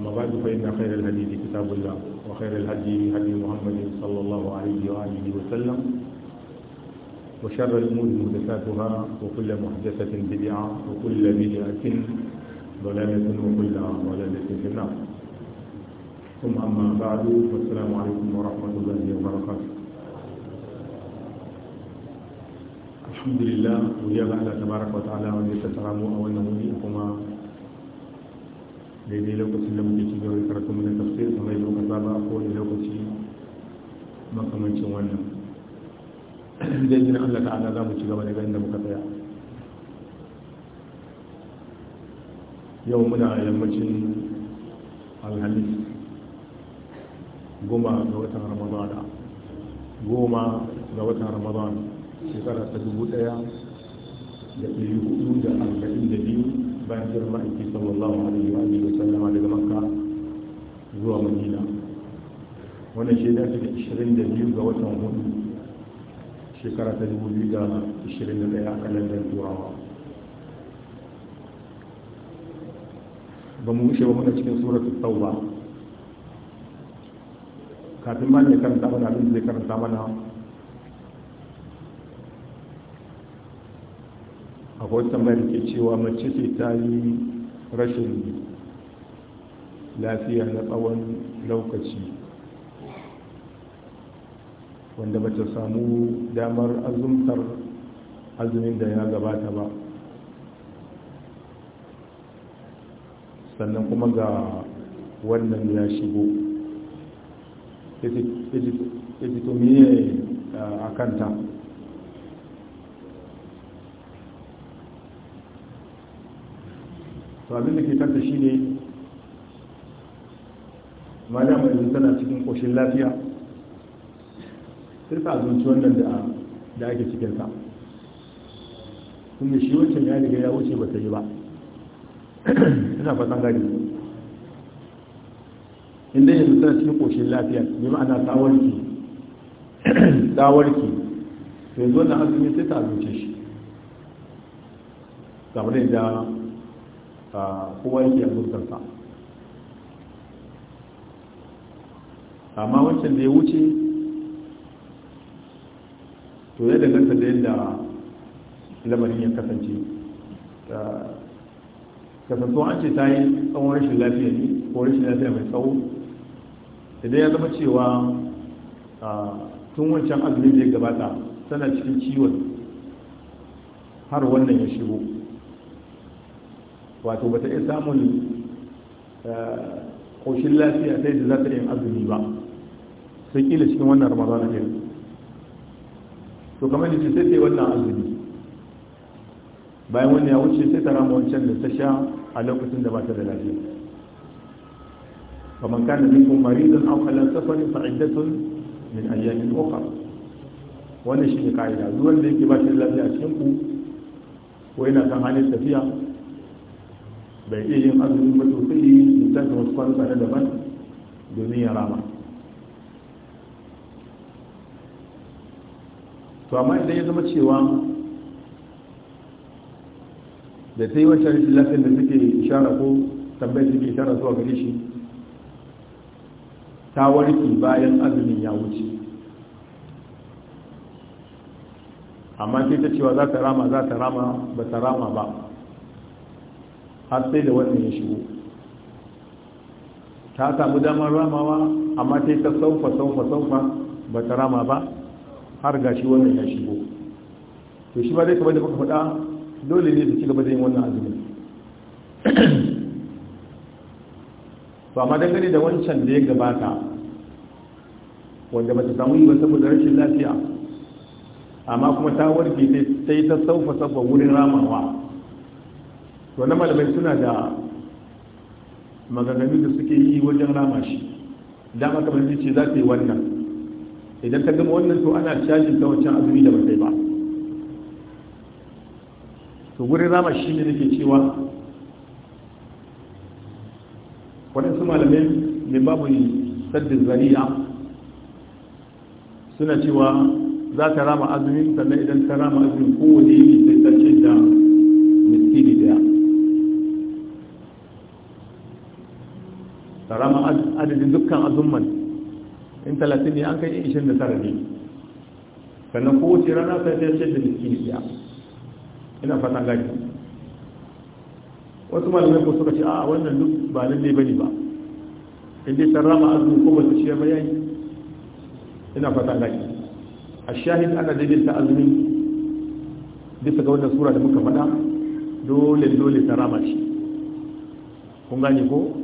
أما بعد فإن خير الهدي كتاب الله وخير الهدي هدي محمد صلى الله عليه وآله وسلم وشر الأمور محدثاتها وكل محدثة بدعة وكل بدعة ضلالة وكل ضلالة في النار ثم أما بعد والسلام عليكم ورحمة الله وبركاته الحمد لله ويا الله تبارك وتعالى ونسأل سلامه أولا وليكما daidai lokacin da muke cigaba da karatu mu da tafsir kamar yadda muka saba a kowane lokaci makamancin wannan da izinin Allah ta'ala za mu cigaba daga inda muka tsaya yau muna yammacin alhamis goma ga watan ramadana goma ga watan ramadana shekara ta dubu daya da ɗari hudu da arba'in da biyu bayan shirin ma'aiki sallallahu alaihi wa alihi wasallama daga makka zuwa madina wannan shi da take 22 ga watan hudu shekara ta 2021 a kalandar turawa ba mu wuce ba muna cikin suratul tauba kafin ba ne karanta mana abin da zai karanta mana a hoton mai ke cewa mace ce ta yi rashin lafiya na tsawon lokaci wanda bata samu damar azumtar azumin da ya gabata ba sannan kuma ga wannan ya shigo ya eh, a kanta to abin da ke tanta shi ne madama yanzu tana cikin ƙoshin lafiya sai ta azunci wannan da ake cikinsa kuma shi wancan ya riga ya wuce ba ta yi ba ina fatan gari inda yanzu tana cikin ƙoshin lafiya bi ma'ana tsawarki tsawarki yanzu wannan azumi sai ta zunce shi kamar yadda kowa yake azurtarsa amma wancan da ya wuce to ya danganta da yadda lamarin ya kasance kasantuwa an ce ta yi tsawon rashin lafiya ne ko rashin lafiya mai tsawo idan ya zama cewa tun wancan azumin da ya gabata tana cikin ciwon har wannan ya shigo wato bata iya samun koshin eh, lafiya sai da za ta yin azumi ba sai kila cikin wannan ramadana ɗin to kamar da sai ta yi wannan azumi bayan wani ya wuce sai ta rama wancan da ta sha a lokacin da ba ta da lafiya kamar kana minkum maridan aw ala safarin fa iddatun min ayyamin ukhra wannan shi shine kaida duk wanda yake ba shi da lafiya cikin ku ko yana kan halin tafiya bai iya yin azumin ba to sai yi tafi wasu kwanuka na daban domin ya rama to amma idan ya zama cewa da ta yi wancan rashin lafiyar da suke shara ko tambayar suke ishara zuwa gare shi ta warke bayan azumin ya wuce amma sai ta cewa za ta rama za ta rama ba ta rama ba har sai da wannan ya shigo ta samu damar ramawa amma ta yi ta saufa saufa saufa ba ta rama ba har ga shi wannan ya shigo to shi ba zai kamar da muka faɗa dole ne su ci gaba da yin wannan azumin ba ma dangane da wancan da ya gabata wanda ba ta samu yi ba saboda rashin lafiya amma kuma ta warke yi ta saufa saufa wurin ramawa to na malamai suna da maganganu da suke yi wajen rama shi dama kamar zai ce za ta yi wannan idan ka gama wannan to ana cajin ta wancan azumi da ba ba to gurin rama shi ne nake cewa waɗansu malamai mai babu saddin zariya suna cewa za ta rama azumi, sannan idan ta rama azumi, kowane yi sai ta da sarama adadin dukkan azumman in talatin ne an kai ishirin da tara ne sannan kowace rana sai sai ce da miskini ya ina fatan gaji wasu malamai ko suka ce a wannan duk ba lalle bane ba in dai ta rama azumin ko ba su ciyar ba yayi ina fatan gaji a shahid ana daidaita azumin bisa ga wannan sura da muka faɗa dole dole sarama shi kun gane ko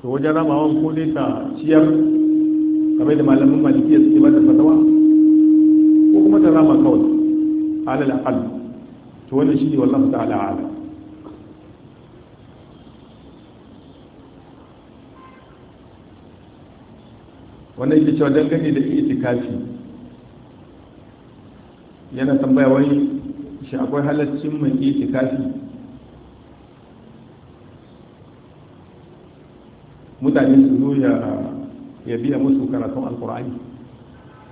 to wajen ramawan ko dai ta ciyar kamar da malamin malikiya suke ba da fatawa ko kuma ta rama kawai alal aqal to wannan shine wallahi ta'ala ala wannan yake cewa dangane da itikafi yana tambaya wai shi akwai halaccin mai itikafi mutane su zo ya biya musu karatun alkur'ani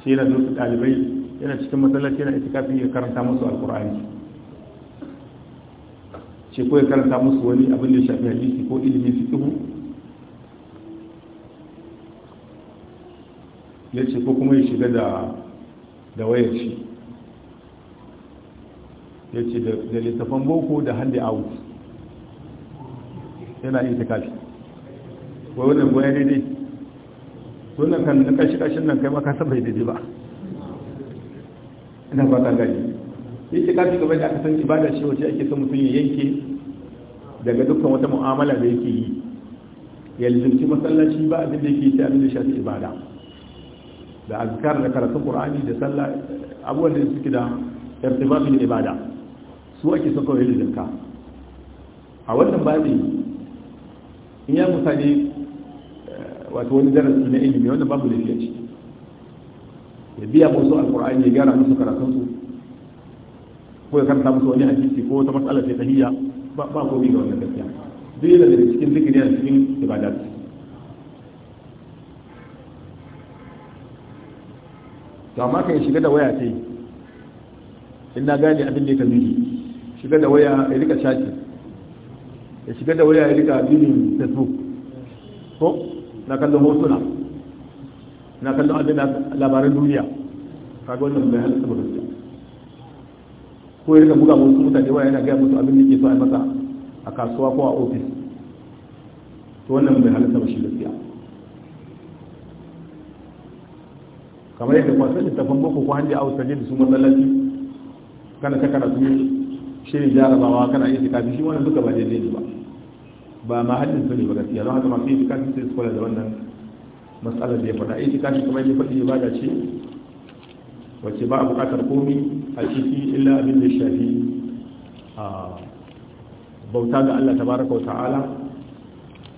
shi yana zo su ɗalibai yana cikin masallaci, yana kafin ya karanta musu alkur'ani ce ko ya karanta musu wani abin da ya shafi hadisi ko ilimin fiqhu ya ce ko kuma ya shiga da da wayar shi ya ce da littafan boko da handi out yana itikafi wai wannan goya daidai wannan kan na kashi kashin nan kai maka san bai daidai ba ina ba ta gani yi ce kafi kamar da aka san ibada ce wace ake son mutum ya yanke daga dukkan wata mu'amala da yake yi ya lizimci masallaci ba abin da yake sai abin da shafi ibada da azkar da karatun qur'ani da sallah abubuwan da suke da irtibatul ibada su ake son kawai lizimta a wannan babi in ya mutane wato wani darasi na ilimi wanda babu da ciki? ya biya musu alkur'ani ya gyara musu karatunsu ko ya karanta musu wani hadisi ko wata matsala ta tahiyya ba ko bi ga wannan gaskiya duk yana daga cikin zikiri yana cikin ibadat to amma kan shiga da waya sai in na gane abin da ya kamili shiga da waya ya rika shafi ya shiga da waya ya rika bilin facebook ko na kallon hotuna na kallon abin labaran duniya kaga wannan bai halitta ba gaskiya ko ya rika buga musu mutane wa yana gaya musu abin da ke so a masa a kasuwa ko a ofis to wannan bai halitta ba shi gaskiya kamar yadda kwasan littafin boko ko hanji a wasanni da su matsalaci kana ta kana karatu shirin jarabawa kana yin tikafi shi wannan duka ba daidai ne ba ba mahallin sani ba gaskiya don haka masu itikafi sai su kula da wannan matsalar da ya faɗa itikafi kamar ya faɗi ibada ce wacce ba a buƙatar komi a ciki illa abin da shafi bauta ga Allah tabaraka wa ta'ala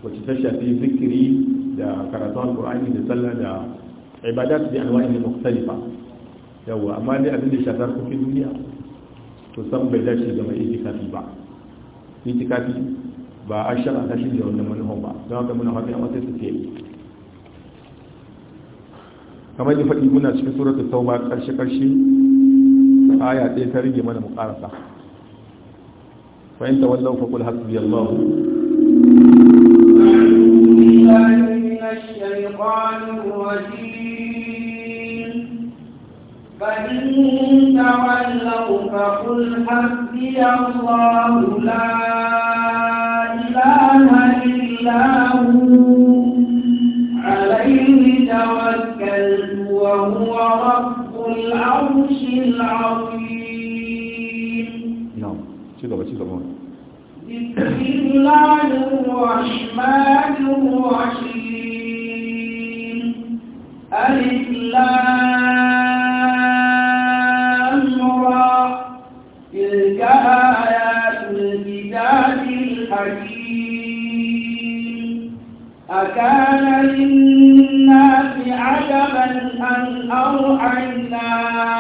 wacce ta shafi zikiri da karatun Al-Qur'ani da sallah da ibadat da anwa'in mukhtalifa yawa amma dai abin da shafi harkokin duniya to san bai dace ga mai itikafi ba itikafi ba a shara shi da wannan manufa ba don haka muna fata yan su ce kamar da faɗi muna cikin suratul tauba karshe karshe aya ɗaya ta rige mana mu ƙarasa fa in tawallaw fa qul hasbiyallahu فإن تولوا فقل حسبي الله لا إله إلا هو عليه توكلت وهو رب العرش العظيم نعم كده بقى كده بسم الله الرحمن الرحيم الإسلام أكان للناس عجبا أن أوحينا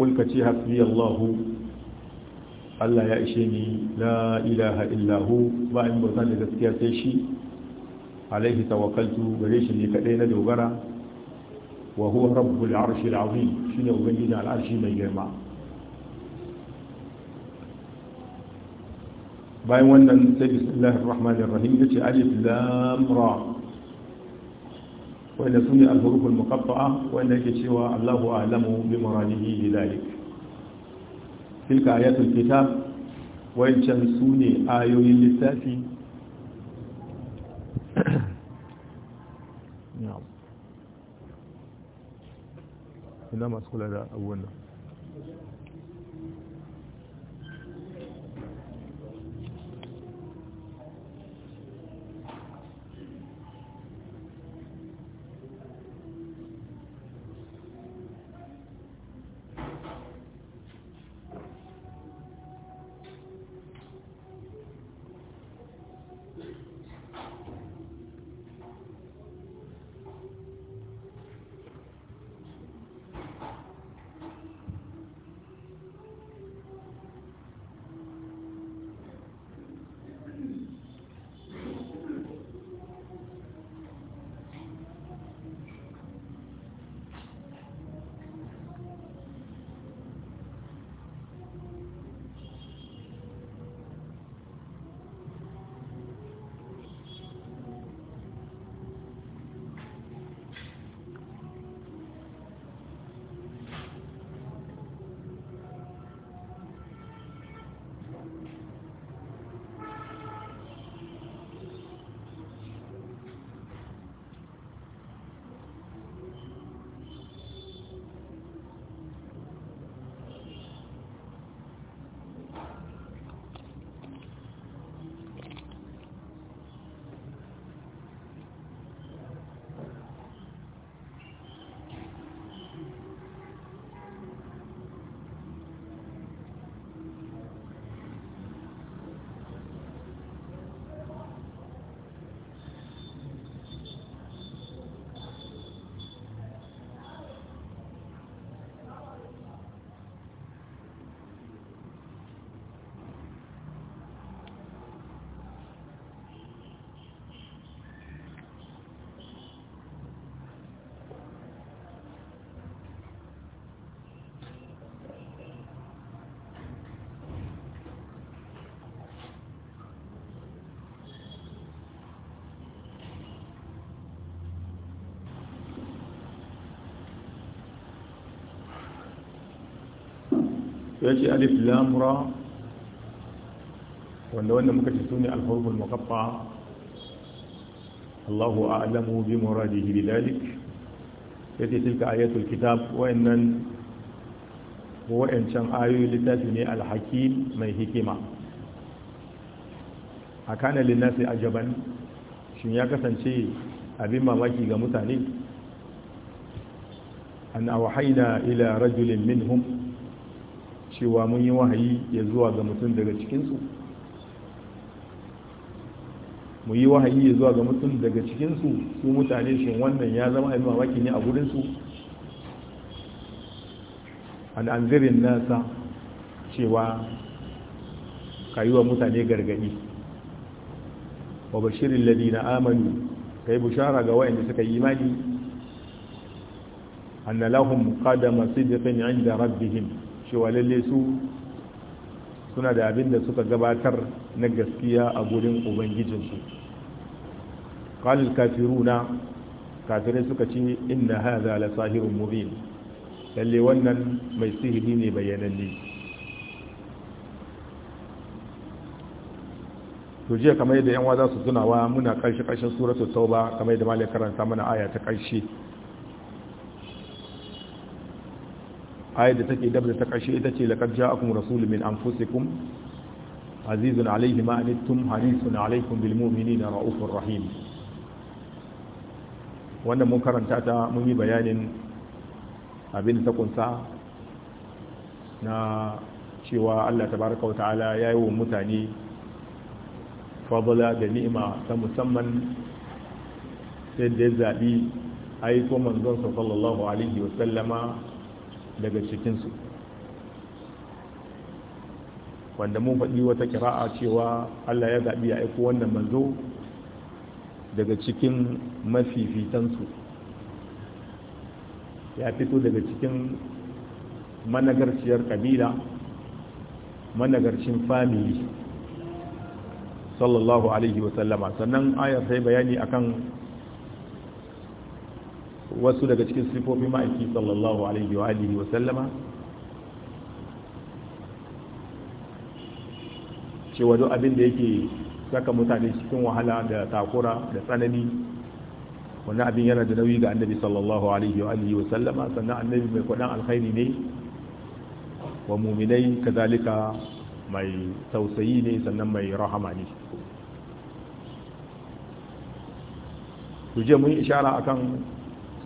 kul ka ce hasbi Allahu Allah ya ishe ni la ilaha illahu ba in bauta da gaskiya sai shi alaihi tawakkaltu gare shi ne kadai na dogara wa huwa rabbul arshil azim shine ubangiji al'arshi mai girma bayan wannan sai bismillahir rahmanir rahim yace alif lam ra wanda su ne alhurufin muqatta'a wanda yake cewa Allahu a'lamu bi muradihi bi tilka ayatul kitab wancan su ne ayoyin littafi ina masu kula da abubuwan nan ya ce alif lamura wanda wanda muka ce sune alfarful makaffa allahu a'lamu bi muradihi bi dalik ya tilka ayatul kitab wa'annan wa'ancan ayoyi littafi ne alhakim mai hikima a kana linnasi ajaban shi ya kasance abin mamaki ga mutane an awahaina ila rajulin minhum cewa mun yi wahayi ya zuwa ga mutum daga cikinsu mu yi wahayi ya zuwa ga mutum daga cikinsu su mutane shin wannan ya zama abin mamaki ne a gurinsu an anzirin nasa cewa ka yi wa mutane gargadi wa bashirin ladina amanu ka yi bushara ga wa'anda suka yi imani anna lahum qadama sidqin 'inda rabbihim cewa lalle su suna da abin da suka gabatar na gaskiya a gurin ubangijinsu kafiru kafiruna kafirai suka ce inna hadha la sahirun mubin lalle wannan mai sihiri ne bayananne to jiya kamar yadda yan za su tunawa muna karshe karshen suratul tauba kamar yadda malai karanta mana aya ta karshe ayar da take dabda ta ƙarshe ita ce laqad ja'akum rasulun min anfusikum azizun alayhi ma harisun alaykum bil mu'minina rahim wannan mun karanta ta mun yi bayanin abin da ta ƙunsa na cewa Allah tabaraka wa ta'ala ya yi wa mutane fadla da ni'ima ta musamman sai da ya zaɓi aiko manzon sallallahu alaihi Wasallama. daga cikinsu wanda mun faɗi wata kira'a cewa Allah ya zaɓi ya aiko wannan manzo daga cikin mafifitansu ya fito daga cikin managarciyar ƙabila managarcin famili sallallahu alaihi wasallama sannan ayar sai bayani akan wasu daga cikin sifofi ma'aiki sallallahu alaihi wa alihi wa sallama cewa duk abin da yake saka mutane cikin wahala da takura da tsanani wannan abin yana da nauyi ga annabi sallallahu alaihi wa alihi wa sallama sannan annabi mai kwadan alkhairi ne wa muminai kazalika mai tausayi ne sannan mai rahama ne tuje mun ishara akan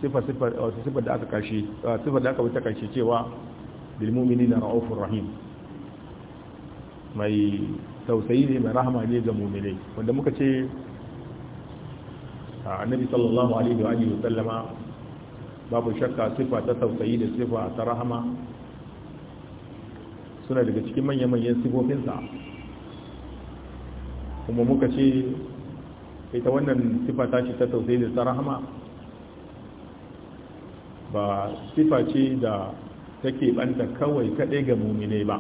sifar eh, da aka kashi eh, sifar da aka wuce kashi cewa bil na ra'ufur rahim mai tausayi ne mai rahama ne ga mu'minai wanda muka ce annabi sallallahu alaihi wa alihi sallama babu shakka sifa ta tausayi da sifa ta rahama suna daga cikin manya-manyan sifofinsa kuma muka ce ita wannan sifa ta ce ta tausayi da ta rahama ba sifa ce da take banta kawai kaɗai ga mumine ba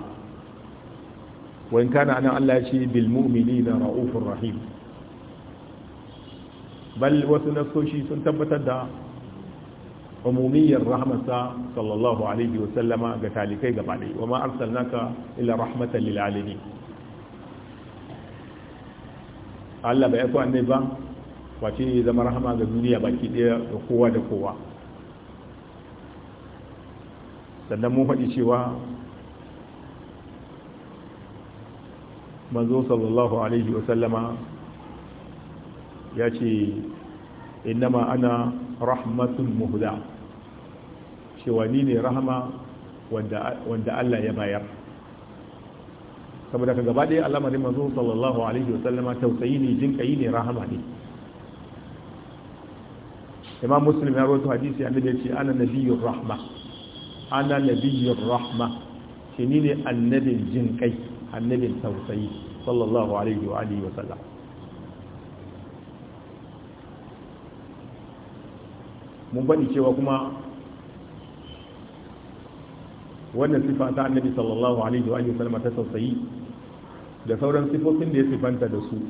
wani kana nan Allah ce bil mumini na ra'ufin rahim bal wasu nasoshi sun tabbatar da umumiyyar rahmasa sallallahu alaihi wa sallama ga talikai ga ɗaya wa ma arsalnaka illa rahmatan lil alamin Allah bai yi annabi ba wace zama rahama ga duniya baki ɗaya da kowa da kowa sannan mun faɗi cewa manzo sallallahu alaihi wasallama ya ce innama ana rahmatun muhda cewa ni ne rahama wanda Allah ya bayar saboda ka gaba ɗaya al'amarin manzo sallallahu alaihi wasallama tausayi ne jin kai ne rahama ne imam muslim ya rawaito hadisi annabi ya ce ana nabiyyur rahma ala nabiyyin rahma shi ne ne annabin jin kai annabin tausayi sallallahu alaihi wa alihi wa sallam mun faɗi cewa kuma wannan sifa ta annabi sallallahu alaihi wa alihi wa sallam ta tausayi da sauran sifofin da ya sifanta da su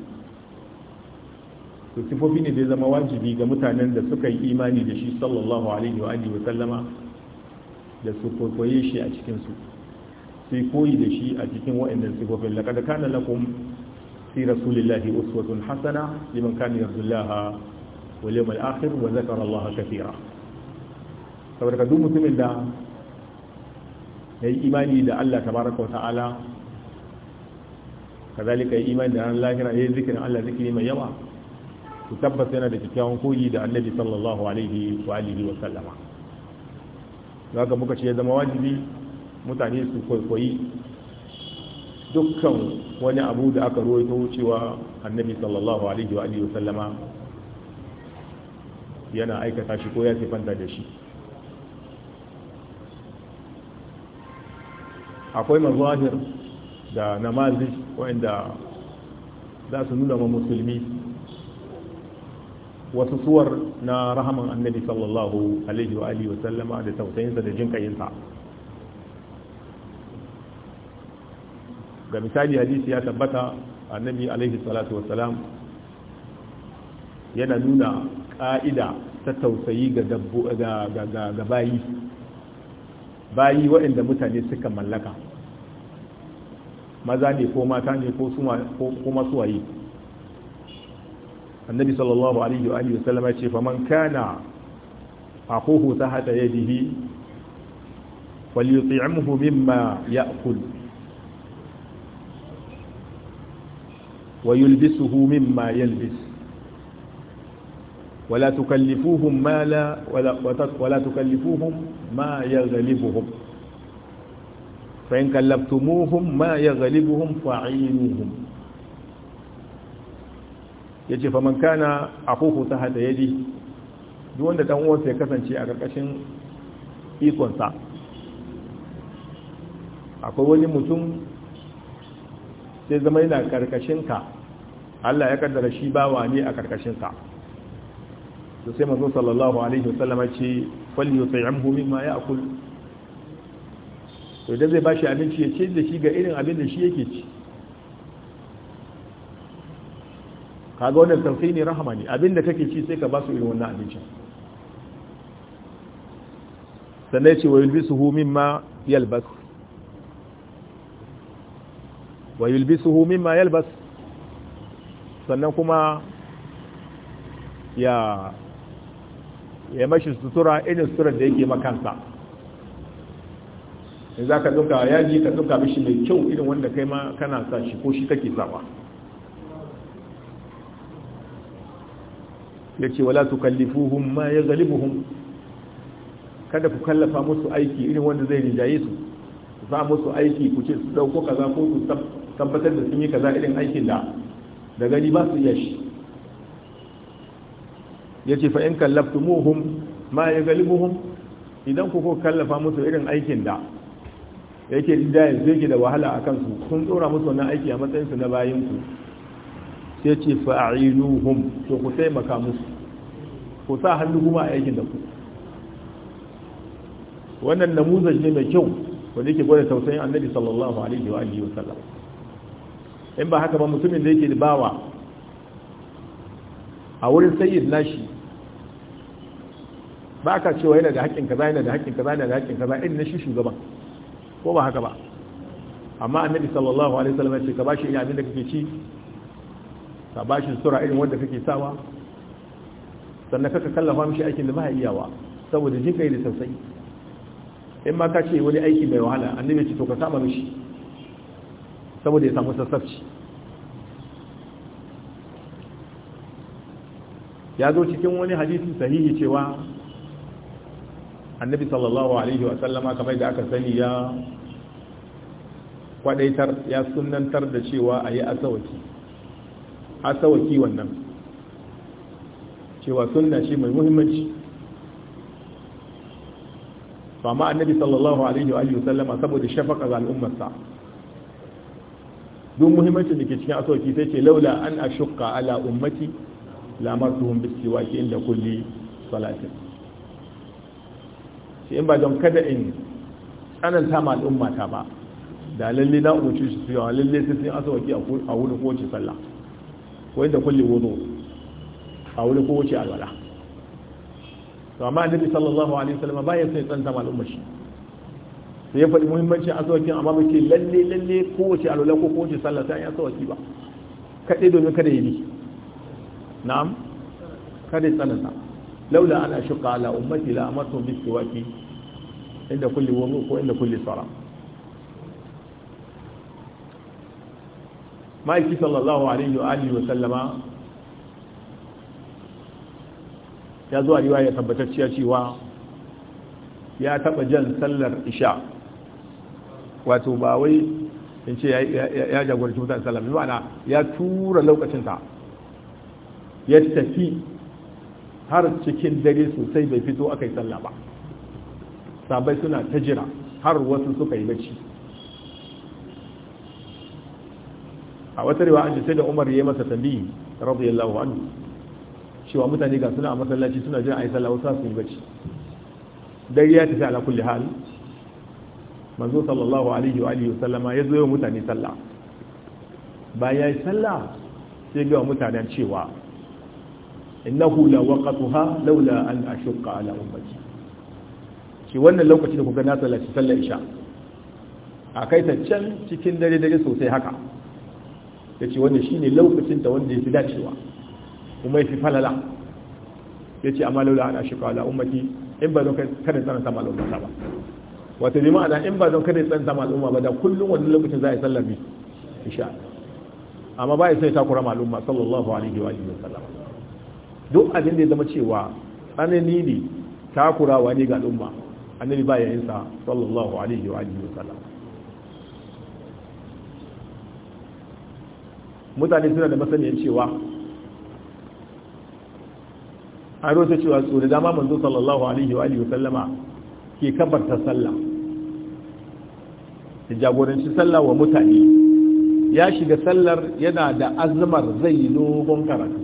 to sifofi ne da ya zama wajibi ga mutanen da suka yi imani da shi sallallahu alaihi wa alihi wa sallama da su kwaikwaye shi a cikinsu sai koyi da shi a cikin waɗannan sifofin laƙada kana lakum fi rasulillahi uswatun hasana liman kana yarzullaha wal yawmal akhir wa zakara Allah kathira saboda ka duk mutumin da yayi imani da Allah baraka wa ta'ala kazalika yayi imani da ran lahira yayi zikirin Allah zikiri mai yawa ku tabbata yana da kyakkyawan koyi da Annabi sallallahu alaihi wa alihi wa sallama zaka muka ce ya zama wajibi mutane su kwaikwayi dukkan wani abu da aka ta wucewa annabi sallallahu alaihi wa sallama yana aikata shi ko ya sifanta da shi akwai mazahir da namazi wa'inda za su nuna ma musulmi wasu suwar na rahaman annabi sallallahu alaihi wa alihi wasallama da tausayinsa da jinkayinsa ga misali hadisi ya tabbata annabi alaihi salatu wasalam yana nuna ƙa'ida ta tausayi ga bayi bayi waɗanda mutane suka mallaka maza ne ko mata ne ko kuma suwaye annabi sallallahu alaihi wa alihi wasallam ya ce faman kana akuhu tahta yadihi falyut'imhu mimma ya'kul ويلبسه مما يلبس ولا تكلفوهم ما لا ولا, ولا تكلفوهم ما يغلبهم فإن كلفتموهم ما يغلبهم فعينوهم ya ce faman kana a koko ta hada ji duk wanda ɗan uwansa ya kasance a ƙarƙashin ikonsa akwai wani mutum sai zama yana ƙarƙashinka Allah ya kaddara shi bawa ne a ƙarƙashinka to sai manzo sallallahu alaihi wasallam ce falli yut'imhu mimma ya'kul to da zai bashi abinci ya ce da shi ga irin abin da shi yake ci kaga wannan tausayi ne rahama ne abinda kake ci sai ka ba su irin wannan abincin sannan ya ce wa yulbisuhu mimma yalbas wa yulbisuhu mimma yalbas sannan kuma ya ya mashi sutura irin suturar da yake makansa in za ka duka yaji ka duka mishi mai kyau irin wanda kai ma kana sa shi ko shi kake sawa yace wala tukallifuhum ma ya yaghlibuhum kada ku kallafa musu aiki irin wanda zai rinjaye su za musu aiki ku ce su dauko kaza ko ku tabbatar da sun yi kaza irin aikin da da gani ba su ya ce yace fa in kallaftumuhum ma ya yaghlibuhum idan ku ko kallafa musu irin aikin da yake rijayen zai ke da wahala a kansu kun tsora musu wannan aiki a matsayinsu na bayansu sai ce fa'a'inuhum to ku taimaka musu ku sa hannu kuma a aikin da ku wannan namuzaj ne mai kyau wanda yake gwada tausayin annabi sallallahu alaihi wa alihi wasallam in ba haka ba mutumin da yake bawa a wurin sayyid nashi ba ka cewa yana da haƙƙin kaza yana da haƙƙin kaza yana da haƙƙin kaza irin na shugaban ko ba haka ba amma annabi sallallahu alaihi wa sallam ya ce ka bashi iya abin da kake ci ka bashi sura irin wanda kake sawa sannan kaka kallafa mishi aikin da ba iyawa saboda jin kai da tausayi in ma ka ce wani aiki mai wahala annabi ce to ka saba mishi saboda ya samu sassafci ya zo cikin wani hadisi sahihi cewa annabi sallallahu alaihi wa sallama kamar da aka sani ya kwadaitar ya sunantar da cewa a yi asawaki asawaki wannan cewa sunna shi mai muhimmanci amma annabi sallallahu alaihi wa alihi sallama saboda shafaka ga al'ummarsa don muhimmancin da ke cikin asoki sai ce laula an ashqa ala ummati bis siwaki inda kulli salatin shi in ba don kada in tsananta ma al'umma ta ba da lalle na shi su yawa lalle sai sun asawaki a wurin kowace sallah ko inda kulli wudu a wuri ko wuce alwala to amma annabi sallallahu alaihi wasallam ba ya sai tsanta al'ummar shi sai ya faɗi muhimmancin asawakin amma muke ce lalle lalle kowace alwala ko kowace sallah sai an yi asawaki ba kaɗai domin kada ya bi na'am kada ya tsananta laula ana shuka ala ummati la amartu bi siwaki inda kulli wudu ko inda kulli sala ma'aiki sallallahu alaihi wa alihi wa sallama ya zuwa ya tabbatar cewa ya taba jan sallar isha wato ba wai in ce ya jagoranci mutane sallar ma'ana ya tura lokacinta ya tafi har cikin dare sosai bai fito aka yi sallah ba sabai suna ta jira har wasu suka yi bacci a wata riwa an sai da umar ya yi masa tambayi radiyallahu anhu cewa mutane ga suna a masallaci suna a yi sallah wasu yi bacci dai ya tafi ala kulli hal manzo sallallahu alaihi wa alihi wasallama ya zo wa mutane sallah ya yi sallah sai ga mutanen cewa innahu la ha laula an ashqa ala ummati shi wannan lokacin da kuka na sallaci sallar isha a kai ta can cikin dare dare sosai haka yace wannan shine lokacin ta wanda ya fi dacewa kuma ya fi falala ya ce amma laula ana shi kawala ummaki in ba zan kada tsanar sama al'umma ba wata bi ma'ana in ba zan kada tsanar sama al'umma ba da kullum wani lokacin za a yi sallar bi insha amma ba ya sai takura malumma. sallallahu alaihi wa alihi wasallam duk abin da ya zama cewa tsanani ne wa ne ga al'umma annabi ba ya yin sa sallallahu alaihi wa alihi wasallam mutane suna da masaniyan cewa har wata cewa so da dama manzo sallallahu alaihi wa sallama ke kabarta sallah da jagoranci sallah wa mutane ya shiga sallar yana da azmar zai yi dogon karatu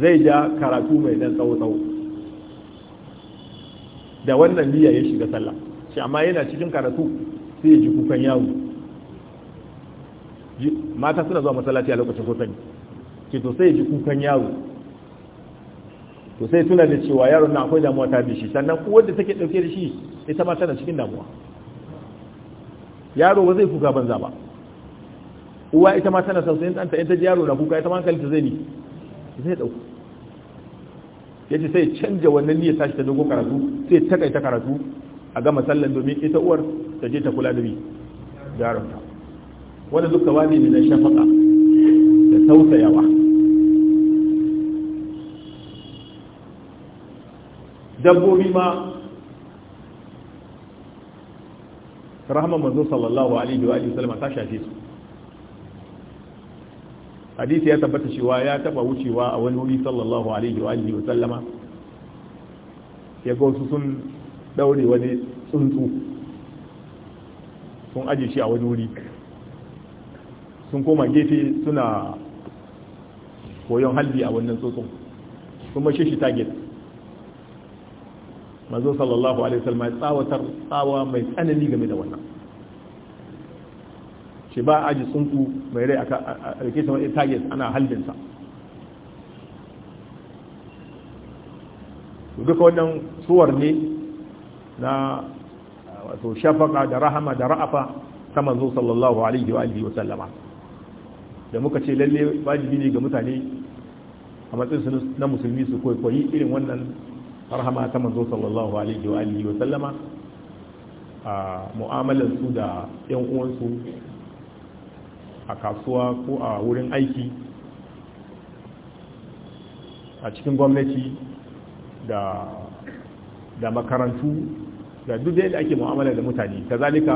zai ja karatu mai dan tsawo-tsawo da wannan liya ya shiga sallah shi amma yana cikin karatu sai ya ji kukan yawo mata suna zuwa masallaci a lokacin kusan ke to sai ya ji kukan yawo to sai tuna da cewa yaron na akwai damuwa ta bishi sannan uwar da take dauke da shi ita ma tana cikin damuwa yaro ba zai kuka banza ba uwa ita ma tana sausayin ɗanta in ta ji yaro na kuka ita ma hankalinta zai ni zai ɗauku ya ce sai canja wannan niyyar tashi ta dogo karatu sai ta kai ta karatu a gama sallan domin ita uwar ta je ta kula da bi ta wanda duka wani ne na shafaka da tausayawa dabbobi ma rahama manzo sallallahu alaihi wa sallama ta shafe su hadisi ya tabbata cewa ya taba wucewa a wani wuri sallallahu alaihi wa alihi wa sallama ya ga wasu sun daure wani tsuntsu sun aje shi a wani wuri sun koma gefe suna koyon halbi a wannan tsuntsun sun shi shi target mazo sallallahu alaihi wasallam ya tsawatar tsawa mai tsanani game da wannan shi ba aji tsunku mai rai aka rike sama da target ana halbin sa duka wannan suwar ne na wato shafaka da rahama da ra'afa ta manzo sallallahu alaihi wa alihi wasallama sallama da muka ce lalle wajibi ne ga mutane a matsayin su na musulmi su koyi irin wannan marhama ta manzo sallallahu alaihi wa alihi wa sallama a mu'amalar su da yan uwansu a kasuwa ko a wurin aiki a cikin gwamnati da da makarantu da duk da yadda ake mu'amala da mutane kazalika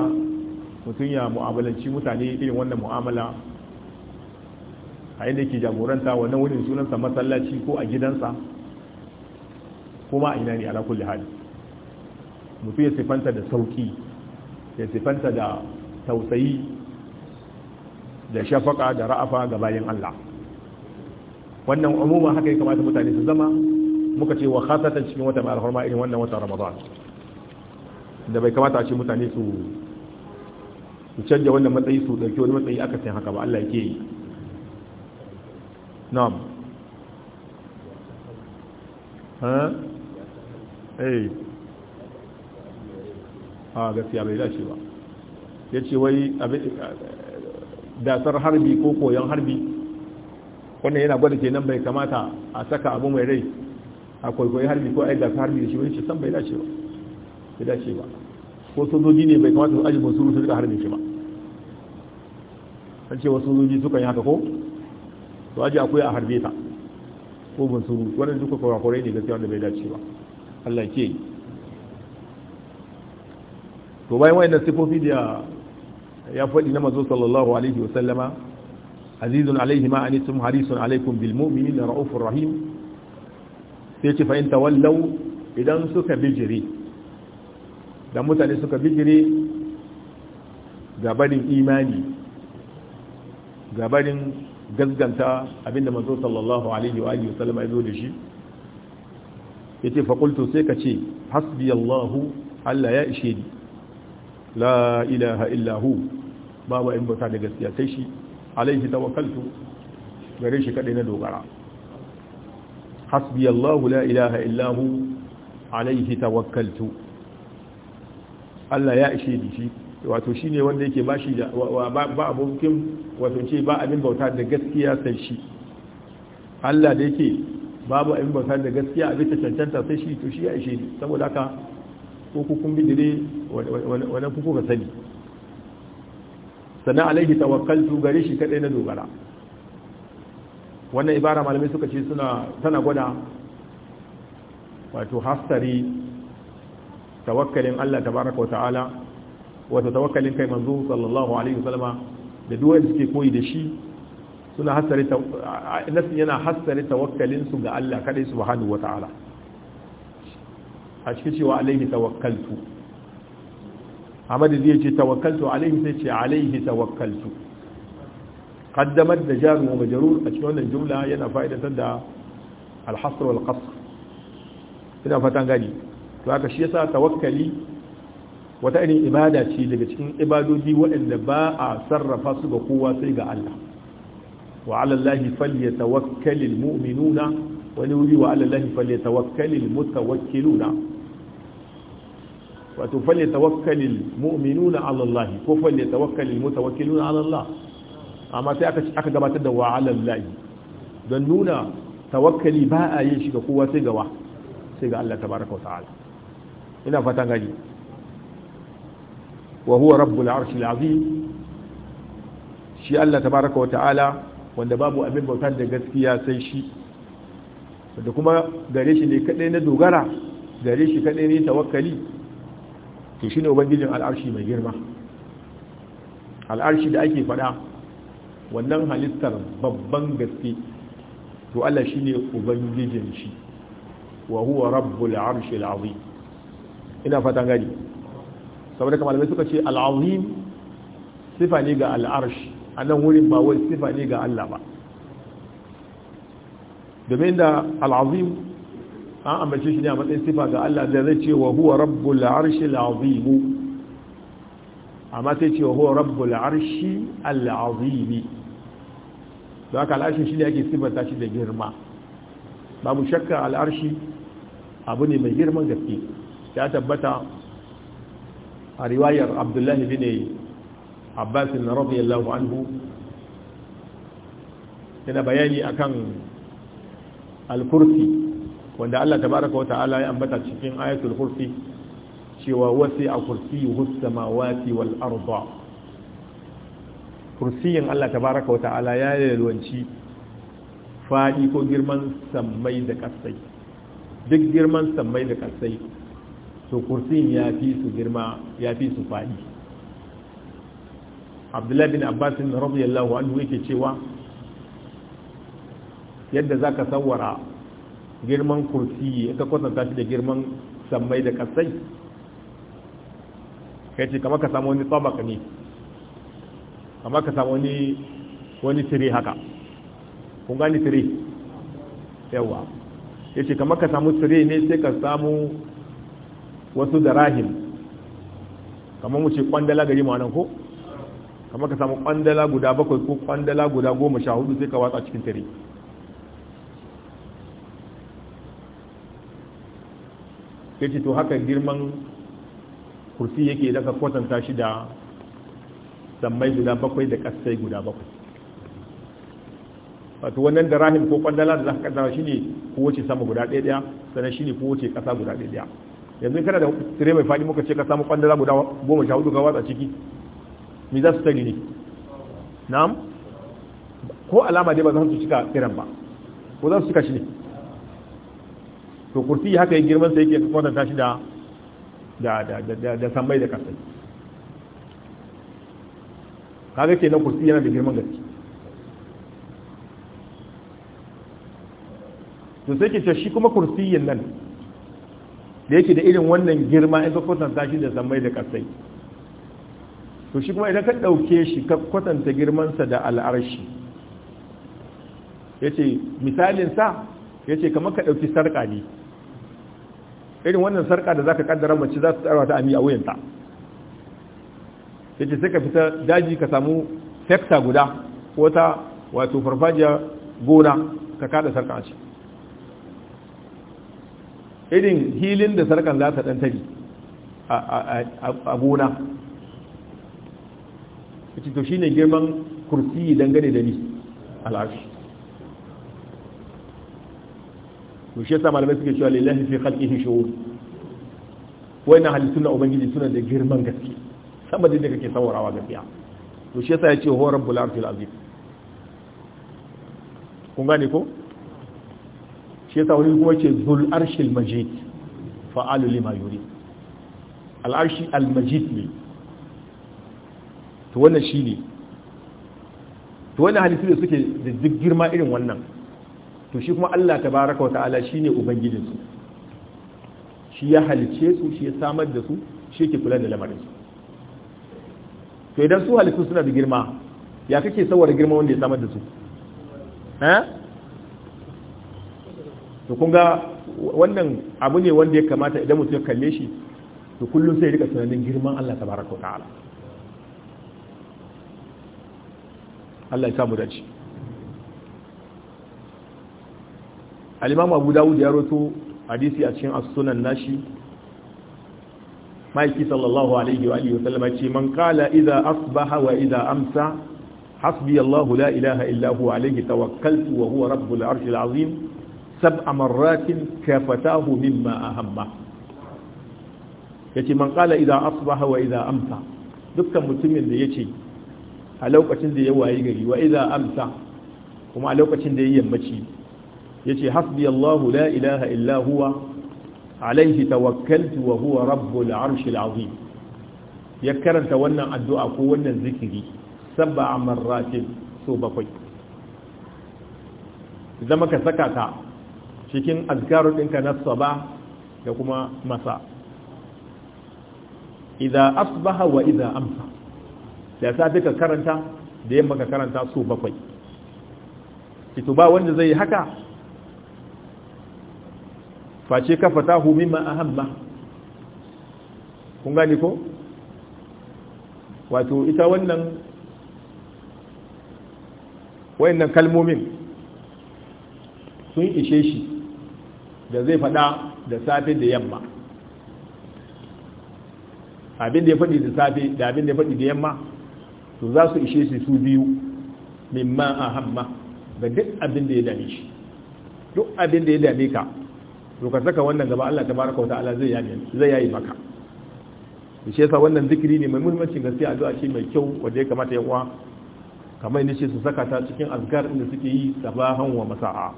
mutum ya mu'amalanci mutane irin wannan mu'amala a yadda yake jagoranta wannan wurin sunansa masallaci ko a gidansa kuma a ina ne ala kulli hali mutum ya sifanta da sauki ya sifanta da tausayi da shafaka da ra'afa ga bayan Allah wannan umuma haka ya kamata mutane su zama muka ce wa khasatan cikin wata mai alhurma irin wannan wata ramadan da bai kamata a ce mutane su su canja wannan matsayi su dauki wani matsayi aka san haka ba Allah yake yi na'am ha eh a ah, gaskiya bai dace ba ya ce wai dasar harbi ko koyon harbi wannan yana gwada kenan bai kamata a saka abu mai rai a kwaikwayi harbi ko a yi dasar harbi da shi wani ce san bai dace ba bai dace ba ko sojoji ne bai kamata su aji masu rusu duka harbin shi ba an ce wasu sojoji suka yi haka ko to aji akwai a harbe ta ko ban su wannan duka kwarakwarai ne gaskiya wanda bai dace ba Allah ke yi to bayan wayannan sifofi da ya faɗi na mazo sallallahu alaihi wasallama azizun alaihi ma anitum harisun alaikum bil mu'minin ra'ufur rahim sai ce fahimta in idan suka bijire da mutane suka bijire gabarin imani gabarin gazganta abinda mazo sallallahu alaihi wa alihi wasallama ya zo da shi yace fa qultu sai ka ce hasbi Allah Allah ya ishe ni la ilaha illa hu babu in bauta da gaskiya sai shi alaihi tawakkaltu gare shi kadai na dogara hasbi la ilaha illa hu alaihi tawakkaltu Allah ya ishe ni shi wato shine wanda yake bashi da ba abokin wato ce ba abin bauta da gaskiya sai shi Allah da yake babu abin bauta da gaskiya a bisa cancanta sai shi to shi ya ishe ne saboda haka ko ku kun bidire wani ku kuka sani sannan alaihi tawakkaltu gare shi kadai na dogara wannan ibara malamai suka ce suna tana gwada wato hastari tawakkalin Allah tabaraka ta'ala wato tawakkalin kai manzo sallallahu alaihi wasallama da da suke koyi da shi suna hasari nasin yana hasari tawakkalin su ga Allah kadai subhanahu wataala a cikin cewa alaihi tawakkaltu Ahmad zai ce tawakkaltu alaihi sai ce alaihi tawakkaltu qaddamar da jar wa majrur a cikin wannan jumla yana fa'idatar da al-hasr wal qasr ina fatan gani to haka shi yasa tawakkali wata irin ibada ce daga cikin ibadoji waɗanda ba a sarrafa su ga kowa sai ga Allah wa ala allahi falyatawakkalul mu'minuna wani wuri wa ala allahi falyatawakkalul mutawakkiluna wato falyatawakkalul mu'minuna ala allahi ko falyatawakkalul mutawakkiluna ala allah amma sai aka aka da wa ala don nuna tawakkali ba a yin shi sai ga sai ga Allah ina fatan gani Wahuwa rabbul arshil azim shi Allah tabaraka wa wanda babu abin bauta da gaskiya sai shi da kuma gare shi ne kadai na dogara gare shi kadai ne tawakkali to shine ubangijin al'arshi mai girma al'arshi da ake faɗa, wannan halittar babban gaske to Allah shine ubangijin shi wa huwa rabbul arshi al'azim ina fatan gani saboda kamar mai suka ce al'azim sifa ne ga al'arshi a nan wurin ba wai sifa ne ga Allah ba domin da al'azim an ambace shi ne a matsayin sifa ga Allah da zai ce wa huwa rabbul arshi al'azim amma sai ce wa huwa rabbul arshi al'azim da aka al'arshi shi ne ake sifanta shi da girma Ba mu shakka al'arshi abu ne mai girman gaske ya tabbata a riwayar abdullahi bin abbas radiyallahu anhu yana bayani akan al-kursi wanda Allah tabaraka wa ta'ala ya ambata cikin ayatul kursi cewa wasi'a kursiyuhu samawati wal arda kursiyin Allah tabaraka wa ta'ala ya yalwanci fadi ko girman sammai da ƙasai, duk girman sammai da ƙasai, to kursiyin ya fi su girma ya fi su fadi abdullahi bin abbas radiyallahu anhu yake cewa yadda zaka sawara girman kursi ka kwatanta shi da girman sammai da kasai kai ce kamar ka samu wani tsabaka ne kamar ka samu wani wani tire haka kun gani tire yawa ya ce kamar ka samu tire ne sai ka samu wasu darahim kamar mu ce kwandala gari ma nan ko kamar ka samu kwandala guda bakwai ko kwandala guda goma sha hudu sai ka watsa cikin tare ce to haka girman kursi yake da ka kwatanta shi da sammai guda bakwai da kasai guda bakwai wato wannan da rahim ko kwandala da za ka kaddara shi ne kowace sama guda ɗaya ɗaya sannan shi ne kowace ƙasa guda ɗaya ɗaya yanzu kana da tire mai faɗi muka ce ka samu kwandala guda goma sha hudu ka watsa ciki mi za su ne na'am ko alama dai ba za su cika tsiran ba ko za su cika shi ne to kurti haka yi girman sa yake kwatanta shi da da da da sammai da kasai ke na kurti yana da girman gaske to sai ke ce shi kuma yin nan da yake da irin wannan girma in ka kwatanta shi da sambai da kasai to shi kuma idan ka ɗauke shi ka kwatanta girmansa da al'arshi ya ce misalinsa ya ce kamar ka ɗauki sarƙa ne irin wannan sarƙa da za ka ƙaddara mace za su tsara ta ami a wuyanta ya ce sai ka fita daji ka samu hekta guda ko ta wato farfajiya gona ka kada sarƙa a irin hilin da sarkan za ta ɗantari a gona ce to shine girman kursi dangane da ni al'arshi to shi yasa malamai suke cewa lillahi fi khalqihi shu'ur wannan halittun na ubangiji suna da girman gaske sama da kake saurawa gaskiya to shi yasa yace huwa rabbul arshil azim kun gane ko shi yasa wani kuma ce zul arshil majid fa'alu lima yuri al arshi al majid ne to wannan shi ne to wannan halittu da suke da duk girma irin wannan to shi kuma Allah Ta baraka wa ta'ala shi ne ubangijinsu shi ya halice su shi ya samar da su shi ke kula da lamarinsu to idan su halittu suna da girma ya kake saboda girma wanda ya samar da su to kun ga wannan abu ne wanda ya kamata idan mutum ya kalle shi to kullum sai ya rika tunanin girman Allah Ta baraka wa ta'ala Allah ya samu dace al-imam Abu Dawud ya roto hadisi a cikin as-sunan nashi maiki sallallahu alaihi wa alihi wasallama ce man qala idza asbaha wa idza amsa hasbi Allah la ilaha illa huwa alaihi tawakkaltu wa huwa rabbul arshil azim sab'a marratin kafatahu mimma ahamma yace man qala idza asbaha wa idza amsa dukkan mutumin da yace a lokacin da ya wayi gari wa idza amsa kuma a lokacin da ya yammaci ce, hasbi Allahu la ilaha illa huwa alaihi tawakkaltu wa huwa rabbul arshil azim ya karanta wannan addu'a ko wannan zikiri sab'a marratin so bakwai zama ka saka ta cikin azkarun ɗinka na saba da kuma masa idza asbaha wa idza amsa da safe ka karanta da yamma ka karanta so bakwai fito ba wanda zai haka face ka fatahu mimma hamma kun gane ko wato ita wannan wayannan kalmomin sun ishe shi da zai fada da safe da yamma abin da ya faɗi da safe da abin da ya faɗi da yamma to za su ishe shi su biyu mimma a hamma ga duk abin da ya dame shi duk abin da ya dame ka to ka saka wannan gaba Allah wa ta'ala zai yaye zai yayi maka ishe sa wannan zikiri ne mai muhimmancin gaskiya addu'a ce mai kyau wanda ya kamata yan uwa kamar ne ce su saka ta cikin azkar inda suke yi sabahan wa masa'a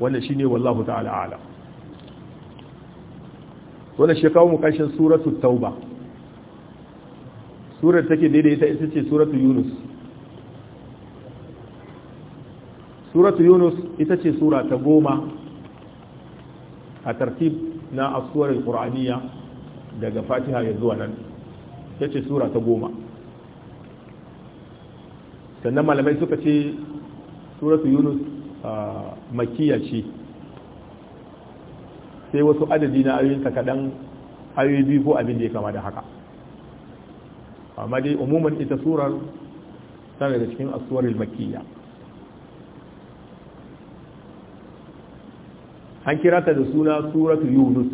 wannan shine wallahu ta'ala alam wannan shi kawo mu kashin suratul tauba surar take daidai ta ita ce suratu yunus suratu yunus ita ce sura ta goma a tartib na asuwar qur'aniya daga fatiha ya zuwa nan ita ce sura ta goma sannan malamai suka ce suratu yunus makiya ce sai wasu adadi na ayoyinta kaɗan ayoyi biyu ko abin da ya kama da haka amma dai umuman ita surar tana da cikin asuwaril makiyya an kira ta da suna suratu yunus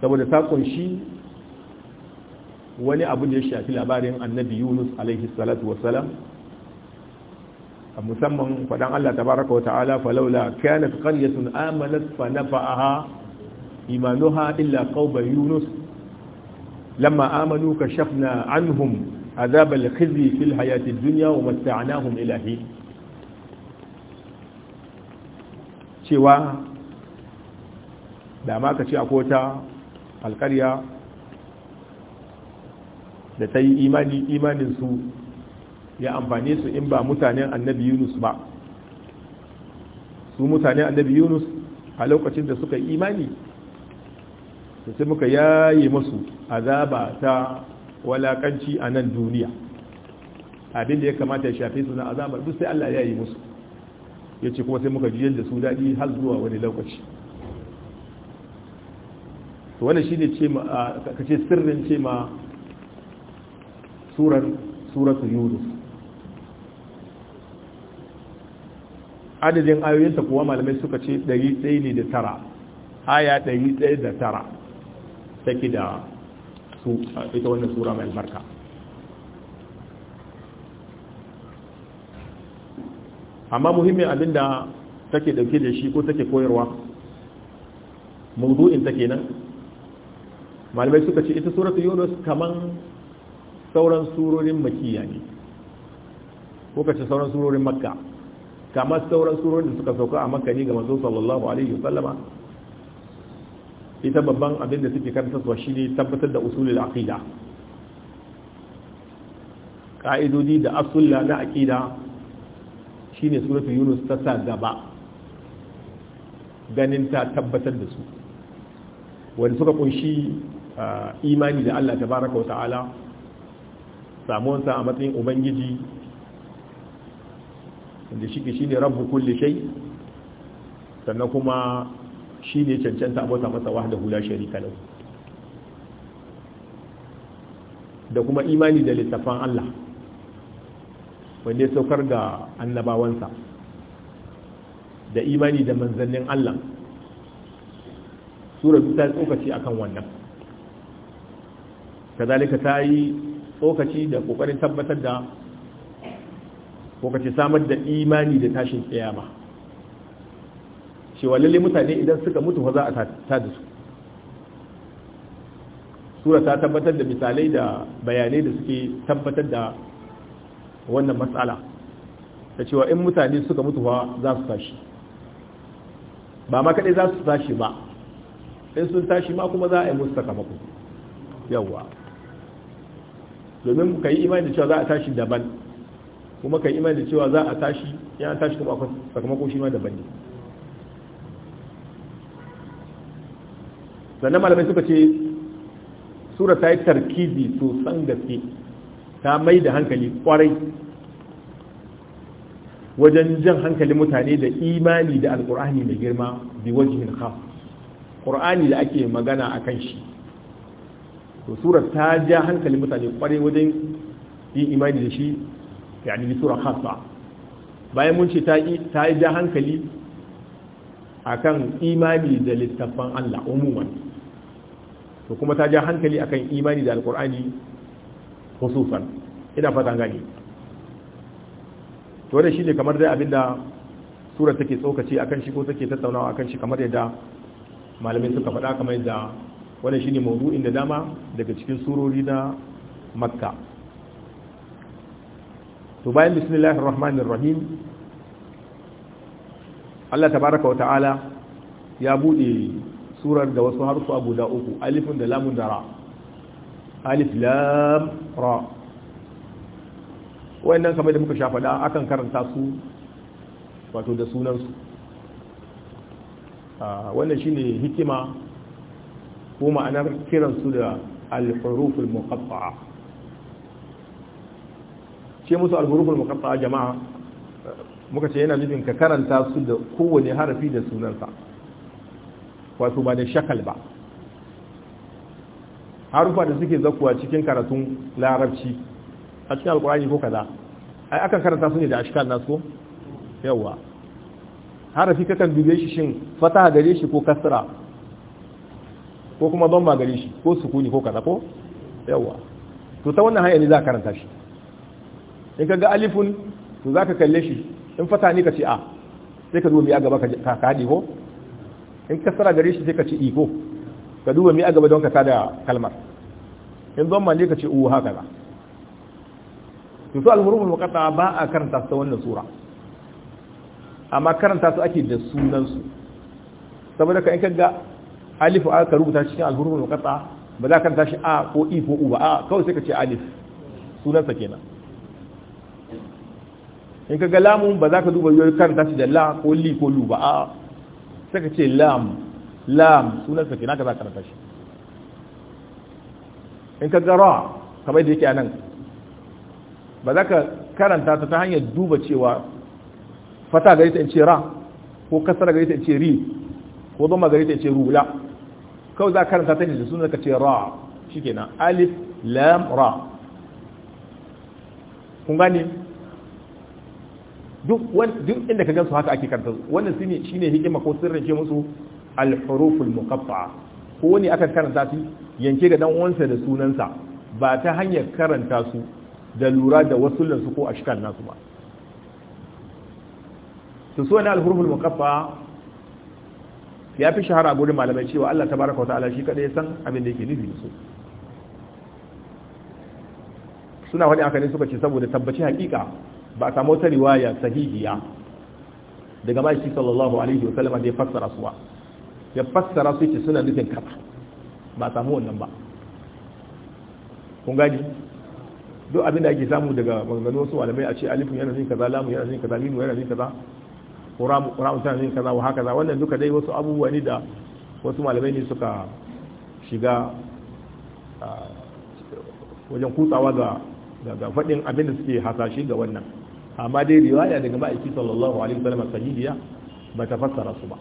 saboda ta kunshi wani abu da ya shafi labarin annabi yunus alaihi salatu wasalam musamman fadan Allah tabaraka wa ta'ala Falaula, kanat qaryatun amanat fa nafa'aha imanuha illa Kauba, yunus lamma amanu ka shafna anhum azab al-khizi fil hayati dunya wa mata'nahum ila hin cewa da ma ka ce akwai wata alƙarya da ta yi imani imaninsu ya amfane su in ba mutanen annabi yunus ba su mutanen annabi yunus a lokacin da suka yi imani sai muka yayi musu azaba ta walakanci a nan duniya abin da ya kamata ya shafe su na azaba duk sai Allah ya yi musu ya ce kuma sai muka jiyar da su daɗi har zuwa wani lokaci to wani shi ne kace sirrin ce ma surar suratu yunus adadin ayoyinta kuwa malamai suka ce 109 aya 109 take da su ita wannan sura mai albarka amma muhimmin abinda take dauke da shi ko take koyarwa mawdu'in take nan malamai suka ce ita suratul yunus kaman sauran surorin makkiya ne ko kace sauran surorin makka kamar sauran surorin da suka sauka a makka ne ga manzo sallallahu alaihi wasallama ita babban abin da suke shi shine tabbatar da usulul aqida ka'idodi da asulla na aqida shine suratul yunus ta sa gaba ganin ta tabbatar da su wanda suka kunshi imani da Allah tabaraka wa ta'ala sa a matsayin ubangiji wanda shi ne rabu kulle shai sannan kuma shi ne cancanta abota masa wahda hula sharika lahu da kuma imani da littafan Allah wanda ya saukar ga annabawansa da imani da manzannin Allah sura ta tsokaci akan wannan kazalika ta yi tsokaci da kokarin tabbatar da kokaci samar da imani da tashin ba cewa lalle mutane idan suka mutu fa za a tada su sura ta tabbatar da misalai da bayanai da suke tabbatar da wannan matsala ta cewa in mutane suka mutu fa za su tashi ba ma kadai za su tashi ba in sun tashi ma kuma za a yi musu sakamako yawwa domin ka yi imani da cewa za a tashi daban kuma ka yi imani da cewa za a tashi ya tashi kuma akwai sakamako shi ma daban ne sannan malamai suka ce sura ta yi tarkizi sosan gaske ta mai da hankali kwarai wajen jan hankalin mutane da imani da alkur'ani da girma bi wajihin khas kur'ani da ake magana a kan shi to sura ta ja hankalin mutane kwarai wajen yin imani da shi ya bi sura khassa bayan mun ce ta yi ja hankali akan imani da littafan Allah umuman to kuma ta ja hankali akan imani da alkur'ani hususan ina fata gani to da shi ne kamar dai abinda sura take tsokace akan shi ko take tattaunawa akan shi kamar yadda malamai suka faɗa kamar yadda wannan shine mawdu'in da dama daga cikin surori na makka to bayan bismillahir rahmanir rahim Allah tabaraka wa ta'ala ya bude surar da wasu abu guda uku alifin da lamun da ra alif lam ra wayannan kamar da muka sha faɗa akan karanta su wato da sunansu ah, wannan shine hikima ko ma'anar kiransu da al-huruful muqatta'a ce musu al-huruful muqatta'a jama'a muka ce yana nufin ka karanta su da kowane harafi da sunansa wato ba da shakal ba harufa da suke zakuwa cikin karatun larabci a cikin alkurani ko kaza ai aka karanta su ne da ashkal nasu ko yawa harafi kakan dube shi shin fataha gare shi ko kasra ko kuma ba gare shi ko sukuni ko kaza ko yawa to ta wannan hanyar ne za ka karanta shi in ka ga alifun to za ka kalle shi in fata ne ka ce a sai ka zo biya gaba ka haɗe ko in kasara gare shi sai ka ce iko ka duba mi a gaba don ka sada kalmar in zama ne ka ce uwu haka za su su alhurumul muqatta ba a karanta su ta wannan sura amma karanta su ake da sunan su saboda ka in ka ga alif a ka rubuta cikin alhurumul muqatta ba za ka karanta shi a ko i ko u ba a kawai sai ka ce alif sunan sa kenan in ka ga lamun ba za ka duba yoyi karanta shi da la ko li ko lu ba a Saka ce lam lam sunan sa kenan ka za karanta shi in ka ga ra kamar da yake a nan ba za ka karanta ta ta hanyar duba cewa fata gari ta in ce ra ko kasar gari ta in ce ri ko zama gari ta in ce rula kawai za ka karanta ta ne da sunan ka ce ra shi alif lam ra kun gani duk inda ka gansu haka ake karanta wannan shine shine hikima ko sirrin ce musu al-huruful muqatta'a ko wani aka karanta su yanke ga dan uwansa da sunansa ba ta hanyar karanta su da lura da wasu su ko ashkan nasu ba to su wannan al-huruful muqatta'a ya fi shahara gurin malamai cewa Allah tabaraka wa ta'ala shi kadai ya san abin da yake nufi da su suna wani aka ne suka ce saboda tabbaci hakika ba a samu wata riwaya sahihiya daga ma'aiki sallallahu alaihi wa sallama da ya fassara suwa ya fassara su ce suna nufin kaza ba a samu wannan ba kun gani duk abin da ake samu daga maganganu wasu malamai a ce alifin yana nufin kaza lamu yana nufin kaza mimu yana nufin kaza ramu tana nufin kaza wa haka za wannan duka dai wasu abubuwa ne da wasu malamai ne suka shiga wajen kutsawa ga faɗin abin da suke hasashe ga wannan amma dai riwaya daga ma'aiki sallallahu alaihi wasallam sahihiya ba ta fassara su ba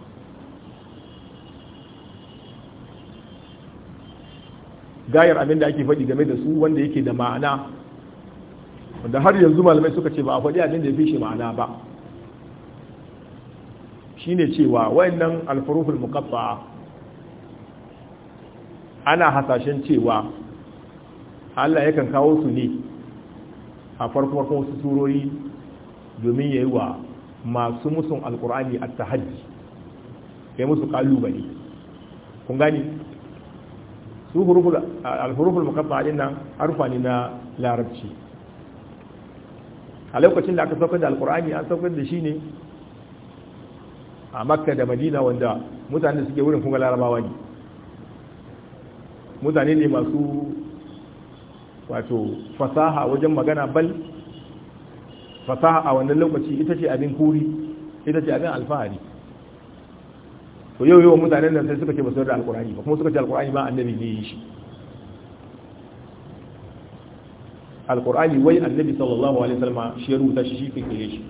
gayar abin da ake faɗi game da su wanda yake da ma'ana wanda har yanzu malamai suka ce ba a faɗi abin da ya fi shi ma'ana ba shine cewa wayannan alfuruhul muqatta'a ana hasashen cewa Allah yakan kawo su ne a farko farko wasu surori domin ya yi wa masu musun alkur'ani a hajji ya musu kalubale kun gani su alhuruful makasa a nan harfa ne na larabci a lokacin da aka saukar da alkur'ani an saukar da shi ne a makka da madina wanda mutane suke wurin kunga larabawa ne mutane ne masu wato fasaha wajen magana bal fasaha a wannan lokaci ita ce abin kuri ita ce abin alfahari to yau yau mutanen nan sai suka ce ba su da alkurani ba kuma suka ce alkurani ba annabi ne yi shi alkurani wai annabi sallallahu alaihi wasallam shi rubuta shi shi fikire shi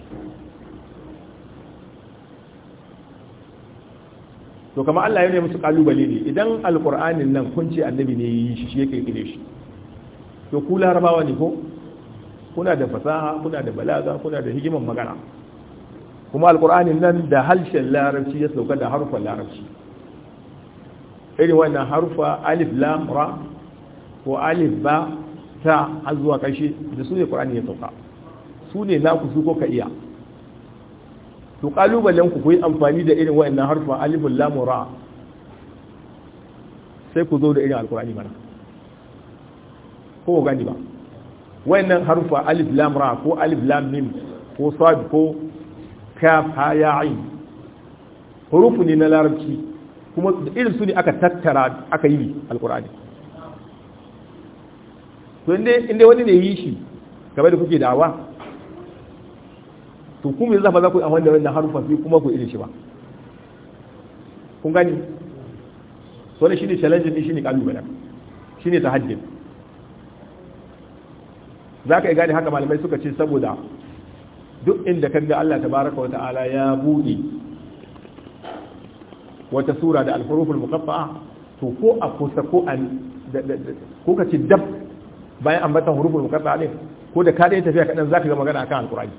to kama Allah ya ne musu kalubale ne idan alkur'anin nan kun ce annabi ne yi shi shi ya kire shi to ku larabawa ne ko kuna da fasaha kuna da balaga kuna da hikiman magana kuma alkur'ani nan da harshen larabci ya sauka da harfan larabci irin wannan harfa alif lam ra ko alif ba ta har zuwa kashi da su ne qur'ani ya sauka su ne ku su ko ka iya to kalubalen ku ku yi amfani da irin wannan harfa alif lam ra sai ku zo da irin alkur'ani mana ko gani ba wannan harufa alif lam ra ko alif lam mim ko sad ko kaf ha ya ain hurufu ne na larabci kuma irin su ne aka tattara aka yi alqur'ani to inde inde wani ne yi shi kamar da kuke dawa to kuma yanzu ba za ku yi amfani da wannan harufa sai kuma ku irin shi ba kun gani to ne shine challenge ne shine kalubalen shine tahajjud za ka yi gane haka malamai suka ce saboda duk inda kan ga Allah tabaraka ta'ala ya buɗe wata sura da alhuruful muqaffa'a to ko a kusa ko an ko ka ce dab bayan ambatan hurufin muqaffa'a ne ko da kaɗai tafiya tafiya za ka ga magana akan alqur'ani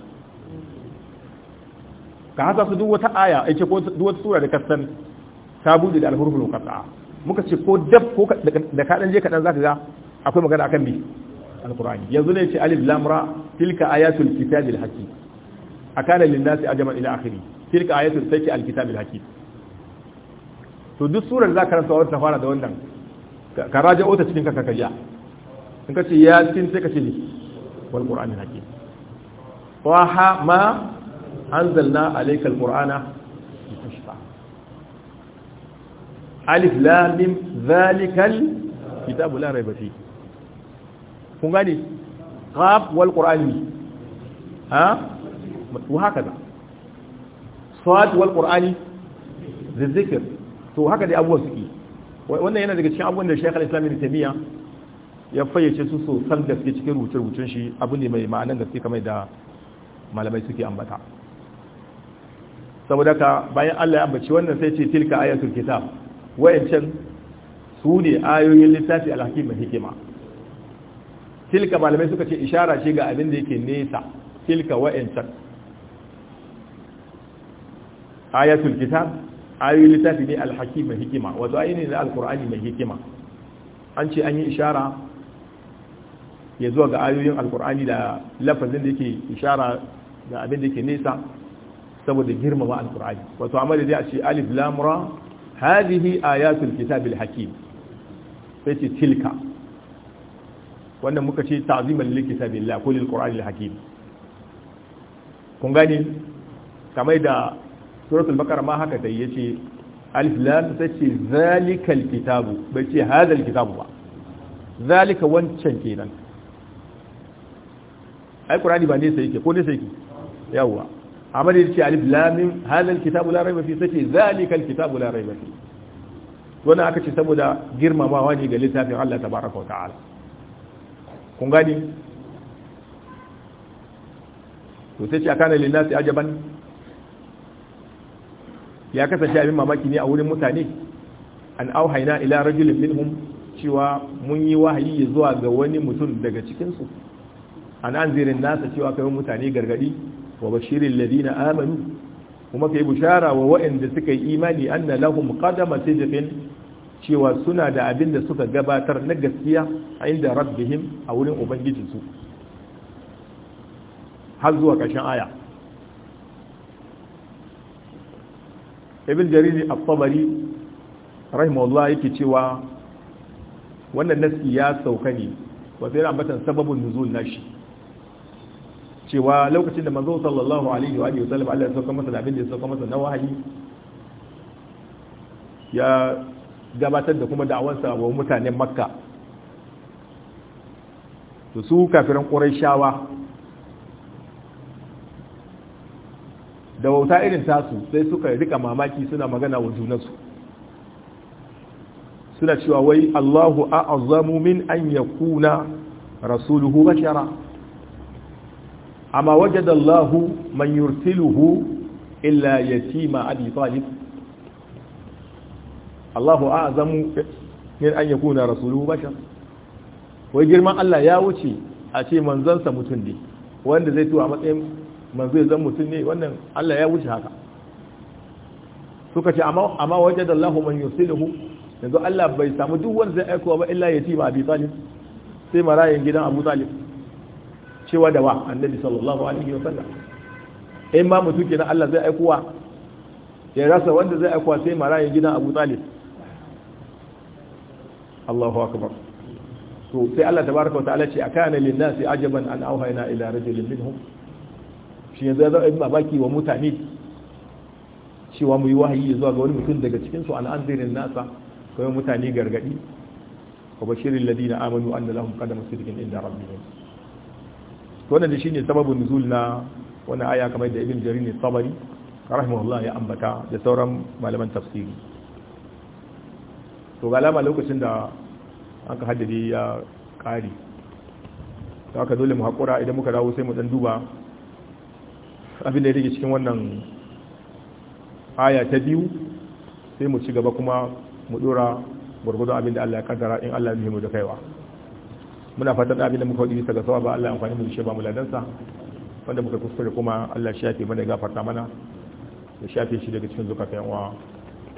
ka hasa su duk wata aya a ce ko duk wata sura da kasan ta buɗe da alhuruful muqaffa'a muka ce ko dab ko da kaɗan je kaɗan za ka ga akwai magana akan bi alqur'ani yanzu ne ce alif lam ra tilka ayatul kitabil hakim akana lin nasi ajma ila akhiri tilka ayatul sayyi alkitabil hakim to duk surar zaka rasa wata fara da wannan ka raja ota cikin ka kaja in ka ce ya tin sai ka ce ni wal qur'anil hakim wa ha ma anzalna alayka alqur'ana litashfa alif lam mim dhalikal kitabu la kun gane qaf wal qur'ani ha to haka da sad wal qur'ani da zikir to haka dai abuwa suke wannan yana daga cikin abubuwan da shekar al da Ibn ya fayyace su so san gaske cikin rubuce-rubucen shi abu ne mai ma'anan gaske kamar da malamai suke ambata saboda ka bayan Allah ya ambaci wannan sai ce tilka ayatul kitab wa'ancan su ne ayoyin littafi al-hakim hikima tilka malamai suka ce ishara ce ga abin da yake nesa tilka wa'ancan ayatul kitab ayoyi littafi ne alhaki mai hikima wato ayi ne na alkur'ani mai hikima an ce an yi ishara ya zuwa ga ayoyin alkur'ani da lafazin da yake ishara da abin da yake nesa saboda girmama alkur'ani wato amma da a ce alif lamura hadihi ayatul kitab alhaki sai ce tilka wannan muka ce ta'ziman lil kitabillah ko lil al hakim kun gani kamar da suratul baqara ma haka dai yace alif lam tace zalikal kitabu bai ce hadal kitabu ba zalika wancan kenan ai qur'ani ba ne sai yake ko ne sai yake yawa amma dai yace alif lam mim hadal kitabu la rayba fi tace zalikal kitabu la rayba fi wannan aka ce saboda girmamawa ne ga littafin Allah tabaaraka wa ta'ala kun gani to ce a lilla sai ajaban ya kasance abin mamaki ne a wurin mutane an auhaina ila rajulin minhum cewa mun yi wahayi zuwa ga wani mutum daga cikinsu an anzirin nasa cewa kai mutane gargadi wa bashirin ladina amanu kuma kai bushara wa waɗanda suka yi imani anna lahum qadama sidqin cewa suna da abin da suka gabatar na gaskiya a inda rabbihim a wurin ubangijinsu har zuwa ƙarshen aya ibn jariri al-tabari rahimahullah yake cewa wannan nasi ya sauka ne wato yana ambatan sababin nuzul nashi cewa lokacin da manzo sallallahu alaihi wa alihi wa sallam Allah ya sauka masa da abin da ya sauka masa na wahayi ya gabatar da kuma da'awansa wa mutanen makka to su kafiran ƙuraishawa da wauta irin tasu sai suka rika mamaki suna magana wa junansu suna cewa wai Allahu a'azzamu min an yakuna rasuluhu bashara amma wajada Allahu man yursiluhu illa yatima abi talib Allahu a'zamu min an yakuna rasuluhu bashar wai girman Allah ya wuce a ce manzansa mutum ne wanda zai tuwa matsayin manzo ya zan mutum ne wannan Allah ya wuce haka suka ce amma da Allahu man yusiluhu yanzu Allah bai samu duk wanda zai aikowa ba illa yatima Abi Talib sai marayin gidan Abu Talib cewa da wa annabi sallallahu alaihi wasallam in ma mutum kenan Allah zai aikowa ya rasa wanda zai aikowa sai marayin gidan Abu Talib Allahu akbar to sai Allah tabaraka wa ta'ala ce akana lin-nasi ajaban an auhayna ila rajulin minhum shi yanzu ya zama baki wa mutane cewa mu yi wahayi zuwa ga wani mutum daga cikin su al'anzirin nasa kai mutane gargadi wa bashirin ladina amanu anna lahum qadama sidqin inda rabbihim to wannan shine sababin nuzul na wannan aya kamar da ibn jarir ne sabari rahimahullah ya ambata da sauran malaman tafsiri to galama lokacin da aka haddadi ya kari ta aka dole mu haƙura idan muka dawo sai mu ɗan duba abin da ya rage cikin wannan aya ta biyu sai mu ci gaba kuma mu ɗora gwargwadon abin da Allah ya kaddara in Allah ya mu da kaiwa muna fatan da abin da muka yi bisa ga sawa ba Allah ya amfani mu da shi ba mu ladansa wanda muka kuskure kuma Allah shafe mana gafarta mana ya shafe shi daga cikin zukatan wa